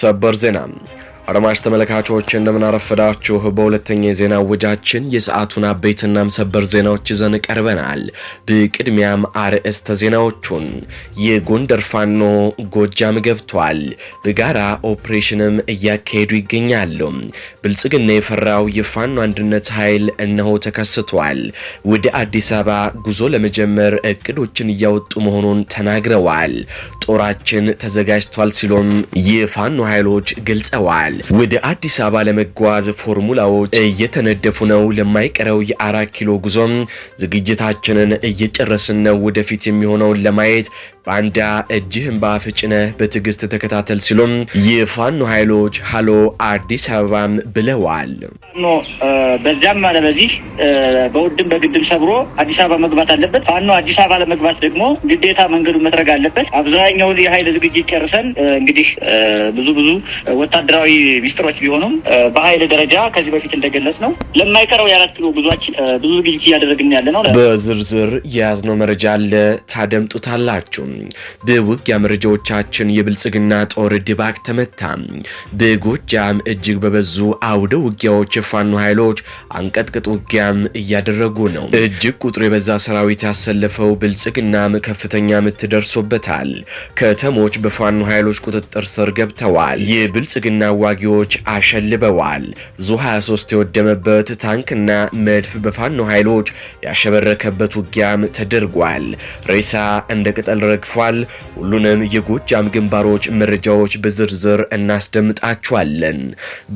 ሰበር ዜና አድማጭ ተመልካቾች እንደምናረፈዳችሁ፣ በሁለተኛ የዜና ውጃችን የሰዓቱን አበይትና ሰበር ዜናዎች ይዘን ቀርበናል። በቅድሚያም አርዕስተ ዜናዎቹን የጎንደር ፋኖ ጎጃም ገብቷል፣ በጋራ ኦፕሬሽንም እያካሄዱ ይገኛሉ። ብልጽግና የፈራው የፋኖ አንድነት ኃይል እነሆ ተከስቷል። ወደ አዲስ አበባ ጉዞ ለመጀመር እቅዶችን እያወጡ መሆኑን ተናግረዋል። ጦራችን ተዘጋጅቷል ሲሉም የፋኖ ኃይሎች ገልጸዋል። ወደ አዲስ አበባ ለመጓዝ ፎርሙላዎች እየተነደፉ ነው። ለማይቀረው የአራት ኪሎ ጉዞም ዝግጅታችንን እየጨረስን ነው። ወደፊት የሚሆነውን ለማየት በአንዳ እጅህን ፍጭነ በትዕግስት ተከታተል ሲሉም የፋኖ ኃይሎች ሀሎ አዲስ አበባም ብለዋል። በዚያም አለ በዚህ በውድም በግድም ሰብሮ አዲስ አበባ መግባት አለበት። ፋኖ አዲስ አበባ ለመግባት ደግሞ ግዴታ መንገዱን መጥረግ አለበት። አብዛኛውን የኃይል ዝግጅት ጨርሰን እንግዲህ ብዙ ብዙ ወታደራዊ ሚስጥሮች ቢሆኑም በኃይል ደረጃ ከዚህ በፊት እንደገለጽ ነው ለማይቀረው የአራት ኪሎ ጉዟችን ብዙ ዝግጅት እያደረግን ያለ ነው። በዝርዝር የያዝነው መረጃ አለ ታደምጡታላችሁ። በውጊያ መረጃዎቻችን የብልጽግና ጦር ድባቅ ተመታ። በጎጃም እጅግ በበዙ አውደ ውጊያዎች የፋኖ ኃይሎች አንቀጥቅጥ ውጊያም እያደረጉ ነው። እጅግ ቁጥሩ የበዛ ሰራዊት ያሰለፈው ብልጽግናም ከፍተኛ ምት ደርሶበታል። ከተሞች በፋኖ ኃይሎች ቁጥጥር ስር ገብተዋል። የብልጽግና ዋጊዎች አሸልበዋል። ዙ 23 የወደመበት ታንክና መድፍ በፋኖ ኃይሎች ያሸበረከበት ውጊያም ተደርጓል። ሬሳ እንደ ቅጠል ረግፍ ተሳትፏል። ሁሉንም የጎጃም ግንባሮች መረጃዎች በዝርዝር እናስደምጣችኋለን።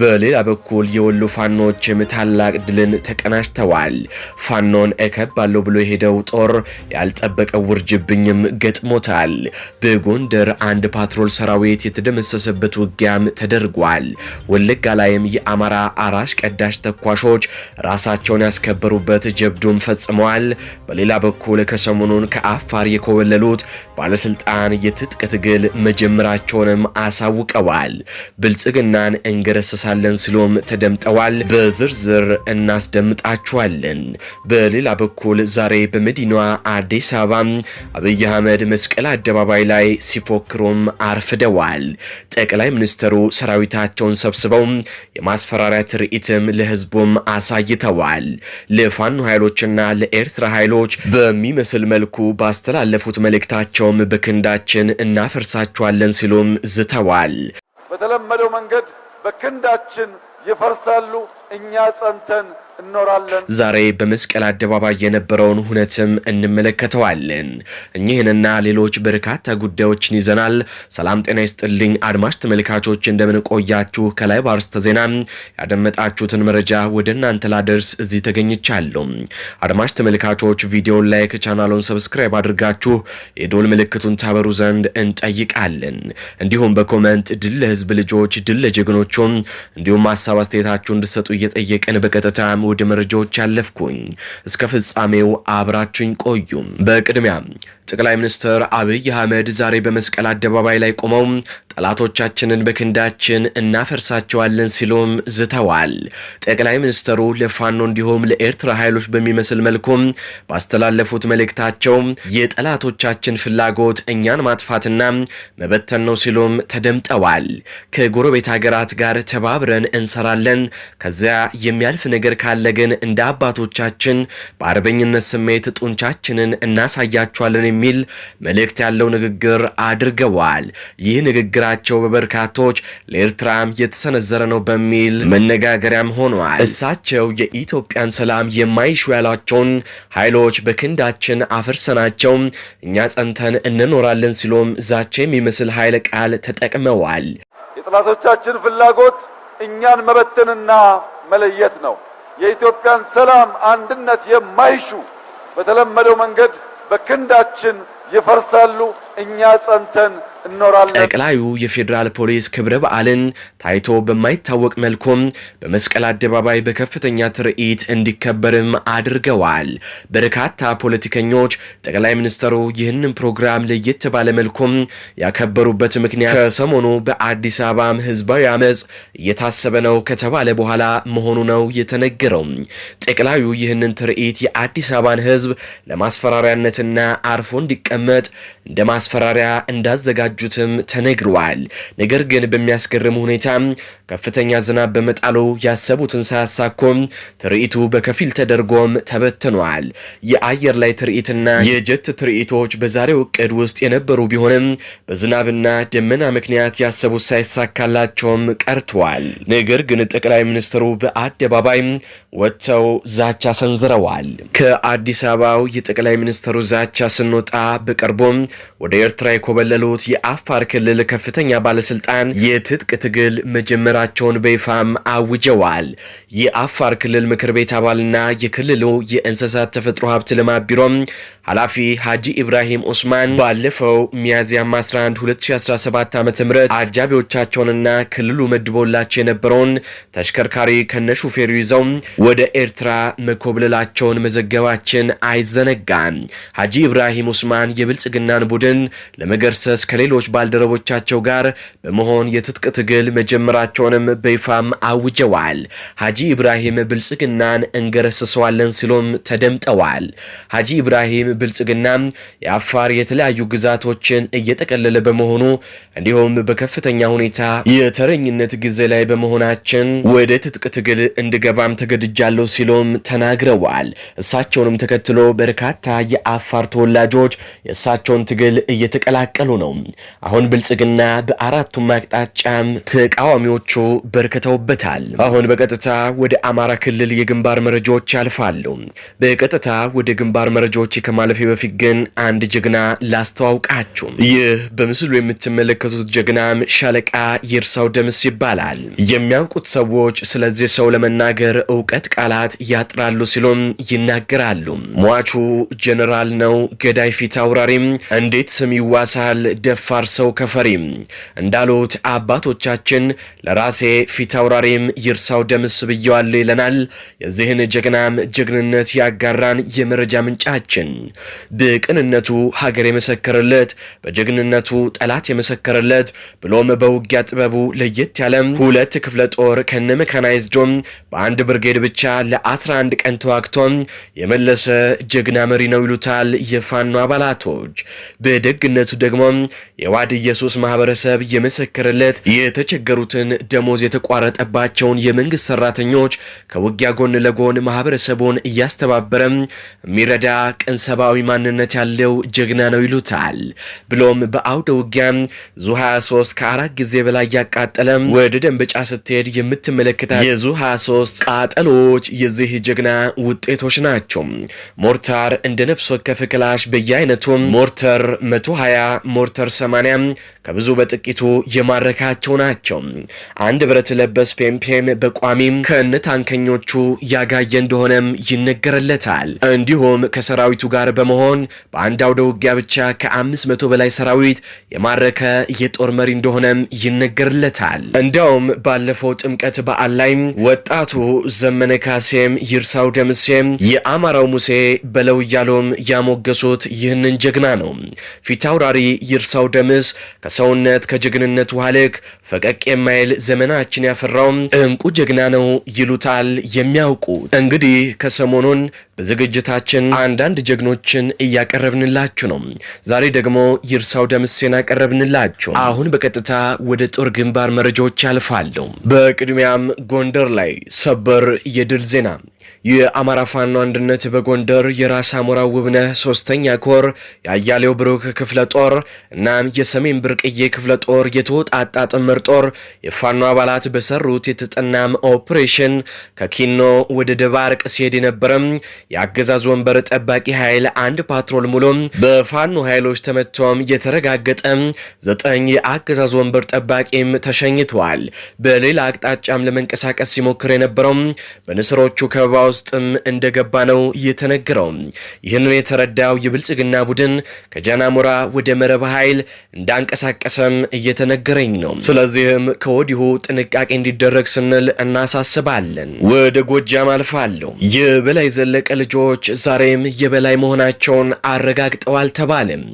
በሌላ በኩል የወሎ ፋኖችም ታላቅ ድልን ተቀናጅተዋል። ፋኖን እከባለሁ ብሎ የሄደው ጦር ያልጠበቀው ውርጅብኝም ገጥሞታል። በጎንደር አንድ ፓትሮል ሰራዊት የተደመሰሰበት ውጊያም ተደርጓል። ወለጋ ላይም የአማራ አራሽ ቀዳሽ ተኳሾች ራሳቸውን ያስከበሩበት ጀብዱም ፈጽመዋል። በሌላ በኩል ከሰሞኑን ከአፋር የኮበለሉት ባለስልጣን የትጥቅ ትግል መጀመራቸውንም አሳውቀዋል። ብልጽግናን እንገረሰሳለን ሲሎም ተደምጠዋል። በዝርዝር እናስደምጣችኋለን። በሌላ በኩል ዛሬ በመዲናዋ አዲስ አበባ አብይ አህመድ መስቀል አደባባይ ላይ ሲፎክሩም አርፍደዋል። ጠቅላይ ሚኒስትሩ ሰራዊታቸውን ሰብስበው የማስፈራሪያ ትርኢትም ለህዝቡም አሳይተዋል። ለፋኖ ኃይሎችና ለኤርትራ ኃይሎች በሚመስል መልኩ ባስተላለፉት መልእክታቸው እርሻቸውም በክንዳችን እናፈርሳቸዋለን ሲሉም ዝተዋል። በተለመደው መንገድ በክንዳችን ይፈርሳሉ፣ እኛ ጸንተን እንኖራለን። ዛሬ በመስቀል አደባባይ የነበረውን ሁነትም እንመለከተዋለን። እኚህንና ሌሎች በርካታ ጉዳዮችን ይዘናል። ሰላም ጤና ይስጥልኝ አድማጭ ተመልካቾች፣ እንደምንቆያችሁ ከላይ ባርስተ ዜና ያደመጣችሁትን መረጃ ወደ እናንተ ላደርስ እዚህ ተገኝቻለሁ። አድማጭ ተመልካቾች ቪዲዮን ላይክ፣ ቻናሉን ሰብስክራይብ አድርጋችሁ የዶል ምልክቱን ታበሩ ዘንድ እንጠይቃለን። እንዲሁም በኮመንት ድል ለህዝብ ልጆች፣ ድል ለጀግኖቹም እንዲሁም ሀሳብ አስተያየታችሁ እንድሰጡ እየጠየቅን በቀጥታ በቀጥታም ወደ መረጃዎች ያለፍኩኝ፣ እስከ ፍጻሜው አብራችሁኝ ቆዩ በቅድሚያ ጠቅላይ ሚኒስትር አብይ አህመድ ዛሬ በመስቀል አደባባይ ላይ ቆመው ጠላቶቻችንን በክንዳችን እናፈርሳቸዋለን ሲሉም ዝተዋል። ጠቅላይ ሚኒስትሩ ለፋኖ እንዲሁም ለኤርትራ ኃይሎች በሚመስል መልኩም ባስተላለፉት መልእክታቸው የጠላቶቻችን ፍላጎት እኛን ማጥፋትና መበተን ነው ሲሉም ተደምጠዋል። ከጎረቤት ሀገራት ጋር ተባብረን እንሰራለን። ከዚያ የሚያልፍ ነገር ካለ ግን እንደ አባቶቻችን በአርበኝነት ስሜት ጡንቻችንን እናሳያቸዋለን የሚል መልእክት ያለው ንግግር አድርገዋል። ይህ ንግግራቸው በበርካቶች ለኤርትራም የተሰነዘረ ነው በሚል መነጋገሪያም ሆኗል። እሳቸው የኢትዮጵያን ሰላም የማይሹ ያሏቸውን ኃይሎች በክንዳችን አፈርሰናቸው እኛ ጸንተን እንኖራለን ሲሉም ዛቻ የሚመስል ኃይለ ቃል ተጠቅመዋል። የጥናቶቻችን ፍላጎት እኛን መበተንና መለየት ነው። የኢትዮጵያን ሰላም አንድነት የማይሹ በተለመደው መንገድ በክንዳችን ይፈርሳሉ። እኛ ጸንተን እኖራለን። ጠቅላዩ የፌዴራል ፖሊስ ክብረ በዓልን ታይቶ በማይታወቅ መልኩም በመስቀል አደባባይ በከፍተኛ ትርኢት እንዲከበርም አድርገዋል። በርካታ ፖለቲከኞች ጠቅላይ ሚኒስትሩ ይህንን ፕሮግራም ለየት ባለ መልኩም ያከበሩበት ምክንያት ከሰሞኑ በአዲስ አበባም ህዝባዊ አመፅ እየታሰበ ነው ከተባለ በኋላ መሆኑ ነው የተነገረው። ጠቅላዩ ይህንን ትርኢት የአዲስ አበባን ህዝብ ለማስፈራሪያነትና አርፎ እንዲቀመጥ እንደ ማስፈራሪያ እንዳዘጋጅ እንዳዘጋጁትም ተነግረዋል። ነገር ግን በሚያስገርም ሁኔታ ከፍተኛ ዝናብ በመጣሉ ያሰቡትን ሳያሳኩም ትርኢቱ በከፊል ተደርጎም ተበትኗል። የአየር ላይ ትርኢትና የጀት ትርኢቶች በዛሬው እቅድ ውስጥ የነበሩ ቢሆንም በዝናብና ደመና ምክንያት ያሰቡት ሳይሳካላቸውም ቀርተዋል። ነገር ግን ጠቅላይ ሚኒስትሩ በአደባባይ ወጥተው ዛቻ ሰንዝረዋል። ከአዲስ አበባው የጠቅላይ ሚኒስትሩ ዛቻ ስንወጣ በቅርቡም ወደ ኤርትራ የኮበለሉት የአፋር ክልል ከፍተኛ ባለስልጣን የትጥቅ ትግል መጀመራቸውን በይፋም አውጀዋል። የአፋር ክልል ምክር ቤት አባልና የክልሉ የእንስሳት ተፈጥሮ ሀብት ልማት ቢሮም ኃላፊ ሀጂ ኢብራሂም ኡስማን ባለፈው ሚያዝያ 11 2017 ዓ ም አጃቢዎቻቸውንና ክልሉ መድቦላቸው የነበረውን ተሽከርካሪ ከነሹፌሩ ይዘው ወደ ኤርትራ መኮብለላቸውን መዘገባችን አይዘነጋም። ሀጂ ኢብራሂም ኡስማን የብልጽግናን ቡድን ለመገርሰስ ከሌሎ ከሌሎች ባልደረቦቻቸው ጋር በመሆን የትጥቅ ትግል መጀመራቸውንም በይፋም አውጀዋል። ሀጂ ኢብራሂም ብልጽግናን እንገረስሰዋለን ሲሉም ተደምጠዋል። ሀጂ ኢብራሂም ብልጽግና የአፋር የተለያዩ ግዛቶችን እየጠቀለለ በመሆኑ እንዲሁም በከፍተኛ ሁኔታ የተረኝነት ጊዜ ላይ በመሆናችን ወደ ትጥቅ ትግል እንድገባም ተገድጃለሁ ሲሉም ተናግረዋል። እሳቸውንም ተከትሎ በርካታ የአፋር ተወላጆች የእሳቸውን ትግል እየተቀላቀሉ ነው። አሁን ብልጽግና በአራቱም አቅጣጫም ተቃዋሚዎቹ በርክተውበታል። አሁን በቀጥታ ወደ አማራ ክልል የግንባር መረጃዎች ያልፋሉ። በቀጥታ ወደ ግንባር መረጃዎች ከማለፌ በፊት ግን አንድ ጀግና ላስተዋውቃችሁ። ይህ በምስሉ የምትመለከቱት ጀግናም ሻለቃ ይርሳው ደምስ ይባላል። የሚያውቁት ሰዎች ስለዚህ ሰው ለመናገር እውቀት ቃላት ያጥራሉ ሲሉም ይናገራሉ። ሟቹ ጀነራል ነው። ገዳይ ፊት አውራሪም እንዴት ስም ይዋሳል ደፋ አፋርሰው ከፈሪም እንዳሉት አባቶቻችን ለራሴ ፊት አውራሪም ይርሳው ደምስ ብየዋል ይለናል። የዚህን ጀግናም ጀግንነት ያጋራን የመረጃ ምንጫችን በቅንነቱ ሀገር የመሰከረለት በጀግንነቱ ጠላት የመሰከረለት ብሎም በውጊያ ጥበቡ ለየት ያለም ሁለት ክፍለ ጦር ከነ መካናይዝዶም በአንድ ብርጌድ ብቻ ለ11 ቀን ተዋግቶም የመለሰ ጀግና መሪ ነው ይሉታል የፋኖ አባላቶች። በደግነቱ ደግሞ የዋድ ኢየሱስ ማህበረሰብ የመሰከረለት የተቸገሩትን ደሞዝ የተቋረጠባቸውን የመንግስት ሰራተኞች ከውጊያ ጎን ለጎን ማህበረሰቡን እያስተባበረም የሚረዳ ቅን ሰብአዊ ማንነት ያለው ጀግና ነው ይሉታል። ብሎም በአውደ ውጊያም ዙ 23 ከአራት ጊዜ በላይ ያቃጠለም ወደ ደንበጫ ስትሄድ የምትመለከታት የዙ 23 ቃጠሎች የዚህ ጀግና ውጤቶች ናቸው። ሞርታር እንደ ነፍስ ወከፍ ክላሽ በየአይነቱም ሞርተር 120 ሞርተር ሰማንያም ከብዙ በጥቂቱ የማረካቸው ናቸው። አንድ ብረት ለበስ ፔምፔም በቋሚም ከእነ ታንከኞቹ ያጋየ እንደሆነም ይነገርለታል። እንዲሁም ከሰራዊቱ ጋር በመሆን በአንድ አውደ ውጊያ ብቻ ከ500 በላይ ሰራዊት የማረከ የጦር መሪ እንደሆነም ይነገርለታል። እንዲያውም ባለፈው ጥምቀት በዓል ላይ ወጣቱ ዘመነ ካሴም ይርሳው ደምሴም የአማራው ሙሴ በለው እያሉም ያሞገሱት ይህንን ጀግና ነው። ፊታውራሪ ይርሳው ደምስ ከሰውነት ከጀግንነት ውሃ ልክ ፈቀቅ የማይል ዘመናችን ያፈራው እንቁ ጀግና ነው ይሉታል የሚያውቁት። እንግዲህ ከሰሞኑን በዝግጅታችን አንዳንድ ጀግኖችን እያቀረብንላችሁ ነው። ዛሬ ደግሞ ይርሳው ደምሴን አቀረብንላችሁ። አሁን በቀጥታ ወደ ጦር ግንባር መረጃዎች ያልፋለሁ። በቅድሚያም ጎንደር ላይ ሰበር የድል ዜና የአማራ ፋኖ አንድነት በጎንደር የራስ አሞራ ውብነህ ሶስተኛ ኮር የአያሌው ብሩክ ክፍለ ጦር እናም የሰሜን ብርቅዬ ክፍለ ጦር የተወጣጣ ጥምር ጦር የፋኖ አባላት በሰሩት የተጠናም ኦፕሬሽን ከኪኖ ወደ ደባርቅ ሲሄድ የነበረም የአገዛዝ ወንበር ጠባቂ ኃይል አንድ ፓትሮል ሙሉ በፋኖ ኃይሎች ተመቶም የተረጋገጠ ዘጠኝ የአገዛዝ ወንበር ጠባቂም ተሸኝተዋል። በሌላ አቅጣጫም ለመንቀሳቀስ ሲሞክር የነበረው በንስሮቹ ከበባ ውስጥም እንደገባ ነው የተነገረው። ይህንን የተረዳው የብልጽግና ቡድን ከጃናሞራ ወደ መረብ ኃይል እንዳንቀሳቀሰም እየተነገረኝ ነው። ስለዚህም ከወዲሁ ጥንቃቄ እንዲደረግ ስንል እናሳስባለን። ወደ ጎጃም አልፋለሁ። የበላይ ዘለቀ ልጆች ዛሬም የበላይ መሆናቸውን አረጋግጠዋል ተባለም።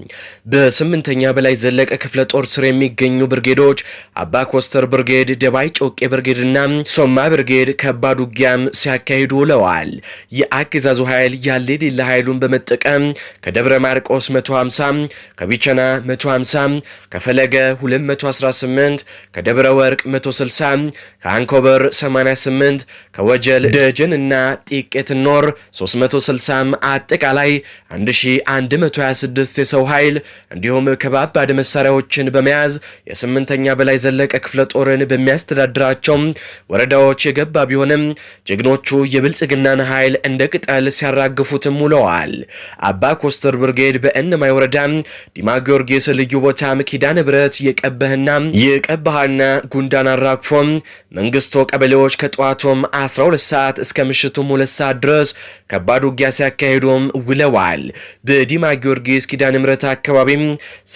በስምንተኛ በላይ ዘለቀ ክፍለ ጦር ስር የሚገኙ ብርጌዶች አባ ኮስተር ብርጌድ፣ ደባይ ጮቄ ብርጌድና ሶማ ብርጌድ ከባድ ውጊያም ሲያካሂዱ ውለዋል። ተናግረዋል። የአገዛዙ ኃይል ያለ የሌለ ኃይሉን በመጠቀም ከደብረ ማርቆስ 150፣ ከቢቸና 150፣ ከፈለገ 218፣ ከደብረ ወርቅ 160፣ ከአንኮበር 88፣ ከወጀል ደጀንና እና ጢቄት ኖር 360 አጠቃላይ 1126 የሰው ኃይል እንዲሁም ከባባድ መሳሪያዎችን በመያዝ የስምንተኛ በላይ ዘለቀ ክፍለ ጦርን በሚያስተዳድራቸው ወረዳዎች የገባ ቢሆንም ጀግኖቹ የብልጽግና ብልጽግናን ኃይል እንደ ቅጠል ሲያራግፉትም ውለዋል። አባ ኮስተር ብርጌድ በእነማይ ወረዳ ዲማ ጊዮርጊስ ልዩ ቦታም ኪዳነ ብረት የቀበህና የቀባሃና ጉንዳን አራግፎም መንግስቶ ቀበሌዎች ከጠዋቱም 12 ሰዓት እስከ ምሽቱም 2 ሰዓት ድረስ ከባድ ውጊያ ሲያካሄዱም ውለዋል። በዲማ ጊዮርጊስ ኪዳነ ምረት አካባቢም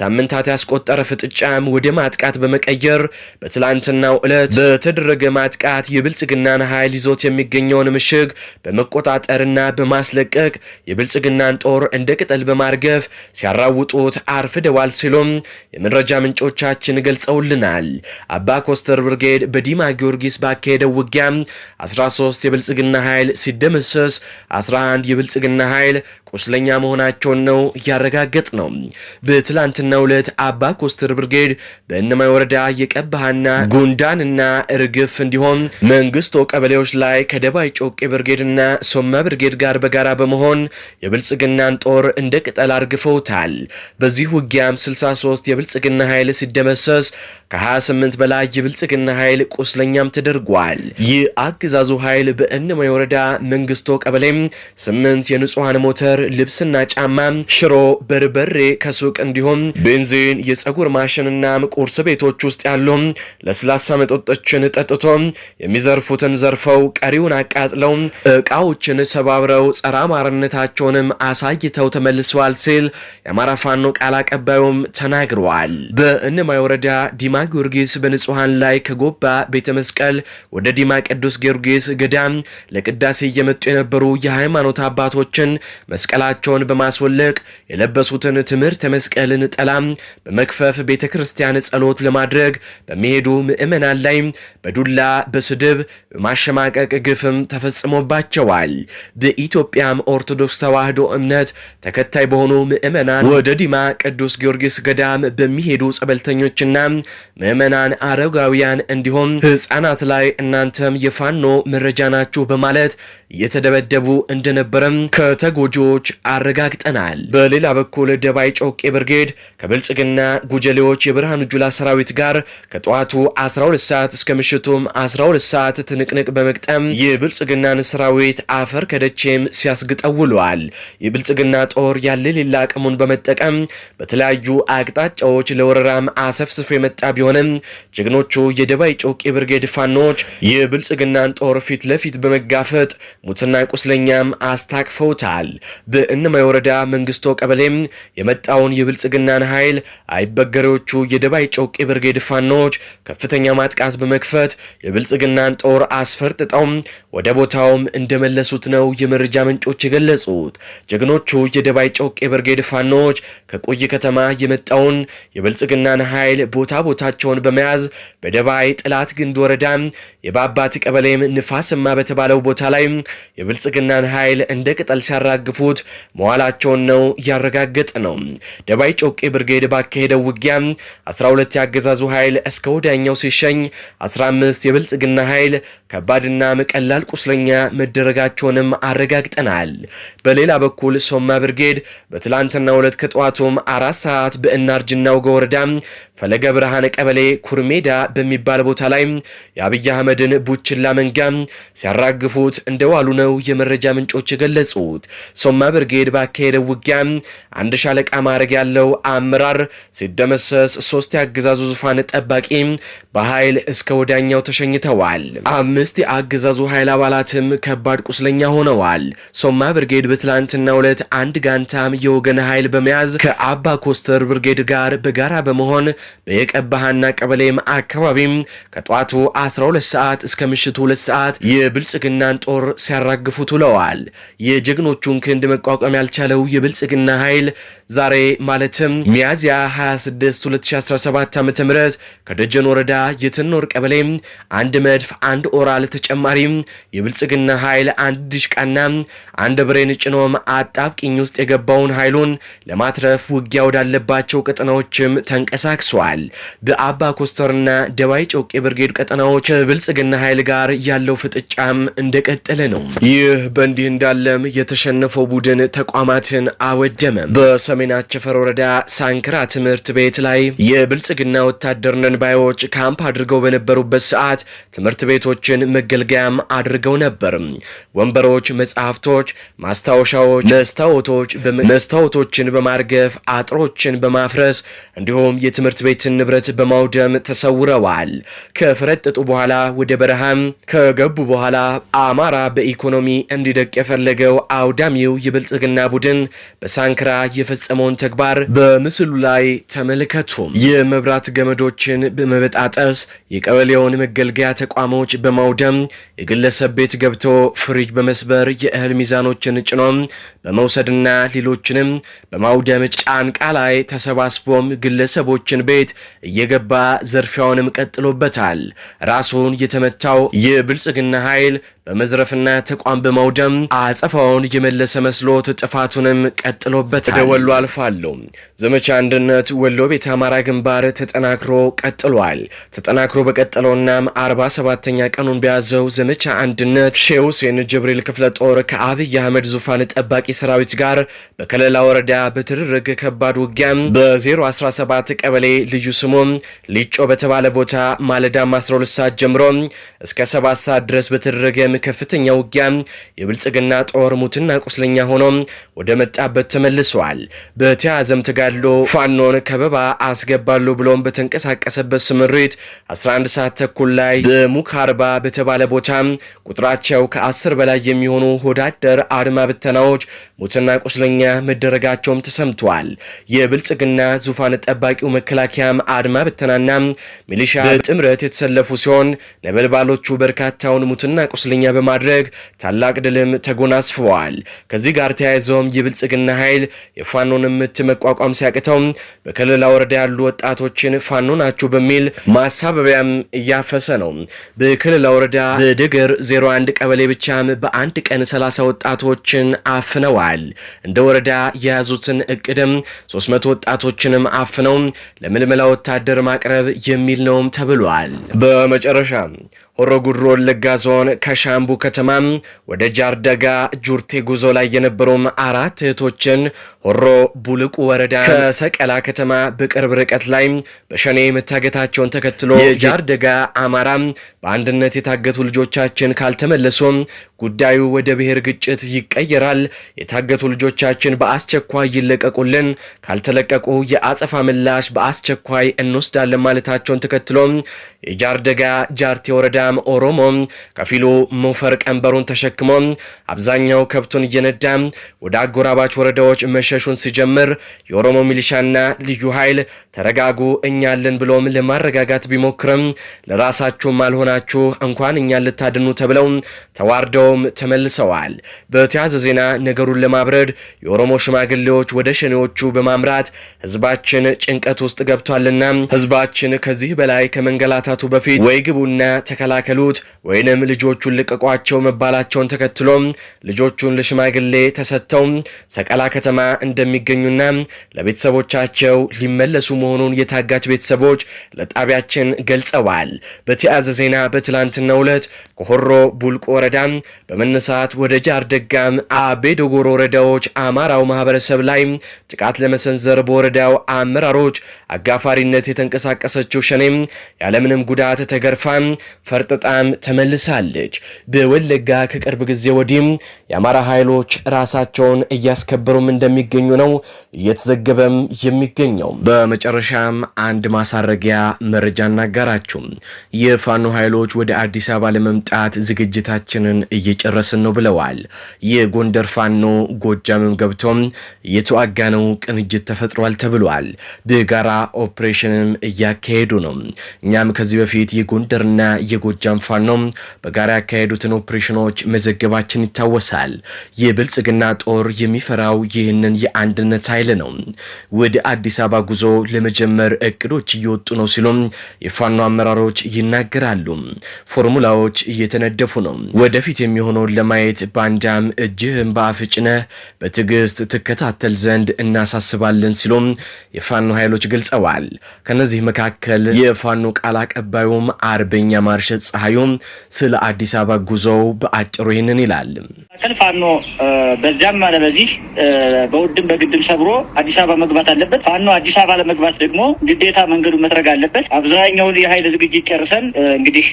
ሳምንታት ያስቆጠረ ፍጥጫም ወደ ማጥቃት በመቀየር በትላንትናው ዕለት በተደረገ ማጥቃት የብልጽግናን ኃይል ይዞት የሚገኘውን ምሽግ በመቆጣጠርና በማስለቀቅ የብልጽግናን ጦር እንደ ቅጠል በማርገፍ ሲያራውጡት አርፍደዋል ሲሉም የመረጃ ምንጮቻችን ገልጸውልናል። አባ ኮስተር ብርጌድ በዲማ ጊዮርጊስ ባካሄደው ውጊያም 13 የብልጽግና ኃይል ሲደመሰስ 11 የብልጽግና ኃይል ቁስለኛ መሆናቸውን ነው እያረጋገጥ ነው። በትላንትናው ዕለት አባ ኮስተር ብርጌድ በእነማይ ወረዳ የቀባሃና ጉንዳንና ርግፍ እንዲሁም መንግስቶ ቀበሌዎች ላይ ከደባይ ጮቄ ብርጌድና ሶማ ብርጌድ ጋር በጋራ በመሆን የብልጽግናን ጦር እንደ ቅጠል አርግፈውታል። በዚህ ውጊያም 63 የብልጽግና ኃይል ሲደመሰስ ከ28 በላይ የብልጽግና ኃይል ቁስለኛም ተደርጓል። ይህ አገዛዙ ኃይል በእነማይ ወረዳ መንግስቶ ቀበሌም 8 የንጹሐን ሞተር ልብስና ጫማ፣ ሽሮ፣ በርበሬ ከሱቅ እንዲሁም ቤንዚን፣ የፀጉር ማሽንና ቁርስ ቤቶች ውስጥ ያሉ ለስላሳ መጠጦችን ጠጥቶ የሚዘርፉትን ዘርፈው ቀሪውን አቃጥለው እቃዎችን ሰባብረው ጸረ አማርነታቸውንም አሳይተው ተመልሰዋል ሲል የአማራ ፋኖ ቃል አቀባዩም ተናግረዋል። በእነማ ወረዳ ዲማ ጊዮርጊስ በንጹሐን ላይ ከጎባ ቤተ መስቀል ወደ ዲማ ቅዱስ ጊዮርጊስ ገዳም ለቅዳሴ እየመጡ የነበሩ የሃይማኖት አባቶችን መስቀል መስቀላቸውን በማስወለቅ የለበሱትን ትምህርተ መስቀልን ጠላም በመክፈፍ ቤተ ክርስቲያን ጸሎት ለማድረግ በሚሄዱ ምዕመናን ላይ በዱላ በስድብ በማሸማቀቅ ግፍም ተፈጽሞባቸዋል። በኢትዮጵያም ኦርቶዶክስ ተዋህዶ እምነት ተከታይ በሆኑ ምዕመናን ወደ ዲማ ቅዱስ ጊዮርጊስ ገዳም በሚሄዱ ጸበልተኞችና ምዕመናን አረጋውያን እንዲሁም ህፃናት ላይ እናንተም የፋኖ መረጃ ናችሁ በማለት እየተደበደቡ እንደነበረም ከተጎጂዎች መረጃዎች አረጋግጠናል። በሌላ በኩል ደባይ ጮቄ ብርጌድ ከብልጽግና ጉጀሌዎች የብርሃኑ ጁላ ሰራዊት ጋር ከጠዋቱ 12 ሰዓት እስከ ምሽቱም 12 ሰዓት ትንቅንቅ በመግጠም የብልጽግናን ሰራዊት አፈር ከደቼም ሲያስግጠውሏል። የብልጽግና ጦር ያለ ሌላ አቅሙን በመጠቀም በተለያዩ አቅጣጫዎች ለወረራም አሰፍስፎ የመጣ ቢሆንም ጀግኖቹ የደባይ ጮቄ ብርጌድ ፋኖች የብልጽግናን ጦር ፊት ለፊት በመጋፈጥ ሙትና ቁስለኛም አስታቅፈውታል። በእነማ ወረዳ መንግስቶ ቀበሌም የመጣውን የብልጽግናን ኃይል አይበገሬዎቹ የደባይ ጮቄ ብርጌድ ፋኖች ከፍተኛ ማጥቃት በመክፈት የብልጽግናን ጦር አስፈርጥጠው ወደ ቦታውም እንደመለሱት ነው የመረጃ ምንጮች የገለጹት። ጀግኖቹ የደባይ ጮቄ ብርጌድ ፋኖች ከቆይ ከተማ የመጣውን የብልጽግናን ኃይል ቦታ ቦታቸውን በመያዝ በደባይ ጥላት ግንድ ወረዳ የባባት ቀበሌም ንፋስማ በተባለው ቦታ ላይ የብልጽግናን ኃይል እንደ ቅጠል ሲያራግፉት ያደረጉት መዋላቸውን ነው እያረጋገጠ ነው። ደባይ ጮቄ ብርጌድ ባካሄደው ውጊያ 12 የአገዛዙ ኃይል እስከ ወዲያኛው ሲሸኝ 15 የብልጽግና ኃይል ከባድና ቀላል ቁስለኛ መደረጋቸውንም አረጋግጠናል። በሌላ በኩል ሶማ ብርጌድ በትላንትና ሁለት ከጠዋቱም አራት ሰዓት በእናርጅናው ወረዳ ፈለገ ብርሃን ቀበሌ ኩርሜዳ በሚባል ቦታ ላይ የአብይ አህመድን ቡችላ መንጋ ሲያራግፉት እንደዋሉ ነው የመረጃ ምንጮች የገለጹት። ሶማ ብርጌድ ባካሄደው ውጊያ አንድ ሻለቃ ማዕረግ ያለው አመራር ሲደመሰስ፣ ሶስት የአገዛዙ ዙፋን ጠባቂ በኃይል እስከ ወዳኛው ተሸኝተዋል። አምስት የአገዛዙ ኃይል አባላትም ከባድ ቁስለኛ ሆነዋል። ሶማ ብርጌድ በትላንትና ሁለት አንድ ጋንታም የወገን ኃይል በመያዝ ከአባ ኮስተር ብርጌድ ጋር በጋራ በመሆን በየቀባሃና ቀበሌም አካባቢም ከጠዋቱ 12 ሰዓት እስከ ምሽቱ 2 ሰዓት የብልጽግናን ጦር ሲያራግፉት ውለዋል። የጀግኖቹን ክንድ መቋቋም ያልቻለው የብልጽግና ኃይል ዛሬ ማለትም ሚያዝያ 26 2017 ዓ ም ከደጀን ወረዳ የትኖር ቀበሌ አንድ መድፍ አንድ ኦራል ተጨማሪም የብልጽግና ኃይል አንድ ድሽቃና አንድ ብሬን ጭኖም አጣብቂኝ ውስጥ የገባውን ኃይሉን ለማትረፍ ውጊያ ወዳለባቸው ቀጠናዎችም ተንቀሳቅሷል። ደርሷል። በአባ ኮስተርና ደባይ ጮቄ ብርጌድ ቀጠናዎች ከብልጽግና ኃይል ጋር ያለው ፍጥጫም እንደቀጠለ ነው። ይህ በእንዲህ እንዳለም የተሸነፈው ቡድን ተቋማትን አወደመ። በሰሜን አቸፈር ወረዳ ሳንክራ ትምህርት ቤት ላይ የብልጽግና ወታደር ነን ባዮች ካምፕ አድርገው በነበሩበት ሰዓት ትምህርት ቤቶችን መገልገያም አድርገው ነበር። ወንበሮች፣ መጽሐፍቶች፣ ማስታወሻዎች፣ መስታወቶችን በማርገፍ አጥሮችን በማፍረስ እንዲሁም የትምህርት ቤትን ንብረት በማውደም ተሰውረዋል። ከፈረጠጡ በኋላ ወደ በረሃም ከገቡ በኋላ አማራ በኢኮኖሚ እንዲደቅ የፈለገው አውዳሚው የብልጽግና ቡድን በሳንክራ የፈጸመውን ተግባር በምስሉ ላይ ተመልከቱም። የመብራት ገመዶችን በመበጣጠስ የቀበሌውን መገልገያ ተቋሞች በማውደም የግለሰብ ቤት ገብቶ ፍሪጅ በመስበር የእህል ሚዛኖችን ጭኖም በመውሰድና ሌሎችንም በማውደም ጫንቃ ላይ ተሰባስቦም ግለሰቦችን ቤት እየገባ ዘርፊያውንም ቀጥሎበታል። ራሱን የተመታው የብልጽግና ኃይል በመዝረፍና ተቋም በማውደም አጸፋውን የመለሰ መስሎት ጥፋቱንም ቀጥሎበታል። ወደ ወሎ አልፋሉ። ዘመቻ አንድነት ወሎ ቤት አማራ ግንባር ተጠናክሮ ቀጥሏል። ተጠናክሮ በቀጠለውና 47ኛ ቀኑን በያዘው ዘመቻ አንድነት ሼህ ሁሴን ጅብሪል ክፍለ ጦር ከአብይ አህመድ ዙፋን ጠባቂ ሰራዊት ጋር በከለላ ወረዳ በተደረገ ከባድ ውጊያም በ017 ቀበሌ ልዩ ስሙ ሊጮ በተባለ ቦታ ማለዳም 12 ሰዓት ጀምሮ እስከ 7 ሰዓት ድረስ በተደረገም ከፍተኛ ውጊያ የብልጽግና ጦር ሙትና ቁስለኛ ሆኖ ወደ መጣበት ተመልሰዋል። በተያዘም ተጋድሎ ፋኖን ከበባ አስገባሉ ብሎም በተንቀሳቀሰበት ስምሪት 11 ሰዓት ተኩል ላይ በሙካርባ በተባለ ቦታ ቁጥራቸው ከ10 በላይ የሚሆኑ ወዳደር አድማ ብተናዎች ሙትና ቁስለኛ መደረጋቸውም ተሰምተዋል። የብልጽግና ዙፋን ጠባቂው መከላከያ መከላከያም አድማ ብተናና ሚሊሻ በጥምረት የተሰለፉ ሲሆን ነበልባሎቹ በርካታውን ሙትና ቁስለኛ በማድረግ ታላቅ ድልም ተጎናጽፈዋል። ከዚህ ጋር ተያይዘውም የብልጽግና ኃይል የፋኖን ምት መቋቋም ሲያቅተው በከለላ ወረዳ ያሉ ወጣቶችን ፋኖ ናችሁ በሚል ማሳበቢያም እያፈሰ ነው። በከለላ ወረዳ በደገር 01 ቀበሌ ብቻም በአንድ ቀን 30 ወጣቶችን አፍነዋል። እንደ ወረዳ የያዙትን እቅድም 300 ወጣቶችንም አፍነው ለምን ለምልመላ ወታደር ማቅረብ የሚል ነውም ተብሏል። በመጨረሻ ሆሮ ጉድሩ ወለጋ ዞን ከሻምቡ ከተማ ወደ ጃርደጋ ጁርቴ ጉዞ ላይ የነበሩም አራት እህቶችን ሆሮ ቡልቁ ወረዳ ከሰቀላ ከተማ በቅርብ ርቀት ላይ በሸኔ መታገታቸውን ተከትሎ የጃርደጋ አማራ በአንድነት የታገቱ ልጆቻችን ካልተመለሱ ጉዳዩ ወደ ብሔር ግጭት ይቀየራል፣ የታገቱ ልጆቻችን በአስቸኳይ ይለቀቁልን፣ ካልተለቀቁ የአጸፋ ምላሽ በአስቸኳይ እንወስዳለን ማለታቸውን ተከትሎ የጃርደጋ ጃርቴ ወረዳ ጎጃም ኦሮሞ ከፊሉ ሞፈር ቀንበሩን ተሸክሞ አብዛኛው ከብቱን እየነዳ ወደ አጎራባች ወረዳዎች መሸሹን ሲጀምር የኦሮሞ ሚሊሻና ልዩ ኃይል ተረጋጉ እኛለን ብሎም ለማረጋጋት ቢሞክርም ለራሳችሁም አልሆናችሁ እንኳን እኛን ልታድኑ ተብለው ተዋርደውም ተመልሰዋል። በተያዘ ዜና ነገሩን ለማብረድ የኦሮሞ ሽማግሌዎች ወደ ሸኔዎቹ በማምራት ህዝባችን ጭንቀት ውስጥ ገብቷልና ህዝባችን ከዚህ በላይ ከመንገላታቱ በፊት ወይ ግቡና ተከላ ተከላከሉት ወይንም ልጆቹን ልቀቋቸው መባላቸውን ተከትሎም ልጆቹን ለሽማግሌ ተሰጥተው ሰቀላ ከተማ እንደሚገኙና ለቤተሰቦቻቸው ሊመለሱ መሆኑን የታጋች ቤተሰቦች ለጣቢያችን ገልጸዋል። በተያያዘ ዜና በትላንትናው ዕለት ከሆሮ ቡልቆ ወረዳ በመነሳት ወደ ጃር ደጋ አቤዶጎሮ ወረዳዎች አማራው ማህበረሰብ ላይ ጥቃት ለመሰንዘር በወረዳው አመራሮች አጋፋሪነት የተንቀሳቀሰችው ሸኔም ያለምንም ጉዳት ተገርፋ ፈርጥጣም ተመልሳለች። በወለጋ ከቅርብ ጊዜ ወዲህ የአማራ ኃይሎች ራሳቸውን እያስከበሩም እንደሚገኙ ነው እየተዘገበም የሚገኘው። በመጨረሻም አንድ ማሳረጊያ መረጃ እናጋራችሁ። የፋኖ ኃይሎች ወደ አዲስ አበባ ለመምጣት ለማጥቃት ዝግጅታችንን እየጨረስን ነው ብለዋል። የጎንደር ፋኖ ጎጃምም ገብቶም እየተዋጋ ነው፣ ቅንጅት ተፈጥሯል ተብሏል። በጋራ ኦፕሬሽንም እያካሄዱ ነው። እኛም ከዚህ በፊት የጎንደርና የጎጃም ፋኖ በጋራ ያካሄዱትን ኦፕሬሽኖች መዘገባችን ይታወሳል። የብልጽግና ጦር የሚፈራው ይህንን የአንድነት ኃይል ነው። ወደ አዲስ አበባ ጉዞ ለመጀመር እቅዶች እየወጡ ነው ሲሉም የፋኖ አመራሮች ይናገራሉ። ፎርሙላዎች እየተነደፉ ነው። ወደፊት የሚሆነውን ለማየት ባንዳም እጅህን በአፍጭነ በትዕግስት ትከታተል ዘንድ እናሳስባለን ሲሉም የፋኖ ኃይሎች ገልጸዋል። ከነዚህ መካከል የፋኖ ቃል አቀባዩም አርበኛ ማርሸት ፀሐዩም ስለ አዲስ አበባ ጉዞው በአጭሩ ይህንን ይላል። ቀን ፋኖ በዚያም አለ በዚህ በውድም በግድም ሰብሮ አዲስ አበባ መግባት አለበት። ፋኖ አዲስ አበባ ለመግባት ደግሞ ግዴታ መንገዱ መጥረግ አለበት። አብዛኛውን የኃይል ዝግጅት ጨርሰን እንግዲህ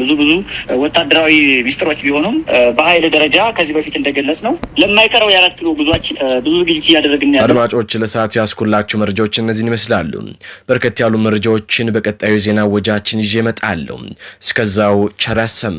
ብዙ ብዙ ወታደራዊ ሚስጥሮች ቢሆኑም በሀይል ደረጃ ከዚህ በፊት እንደገለጽ ነው ለማይቀረው የአራት ኪሎ ጉዟችን ብዙ ዝግጅት እያደረግን ያለ። አድማጮች ለሰዓት ያስኩላችሁ መረጃዎች እነዚህን ይመስላሉ። በርከት ያሉ መረጃዎችን በቀጣዩ ዜና ወጃችን ይዤ እመጣለሁ። እስከዛው ቸር ያሰማል።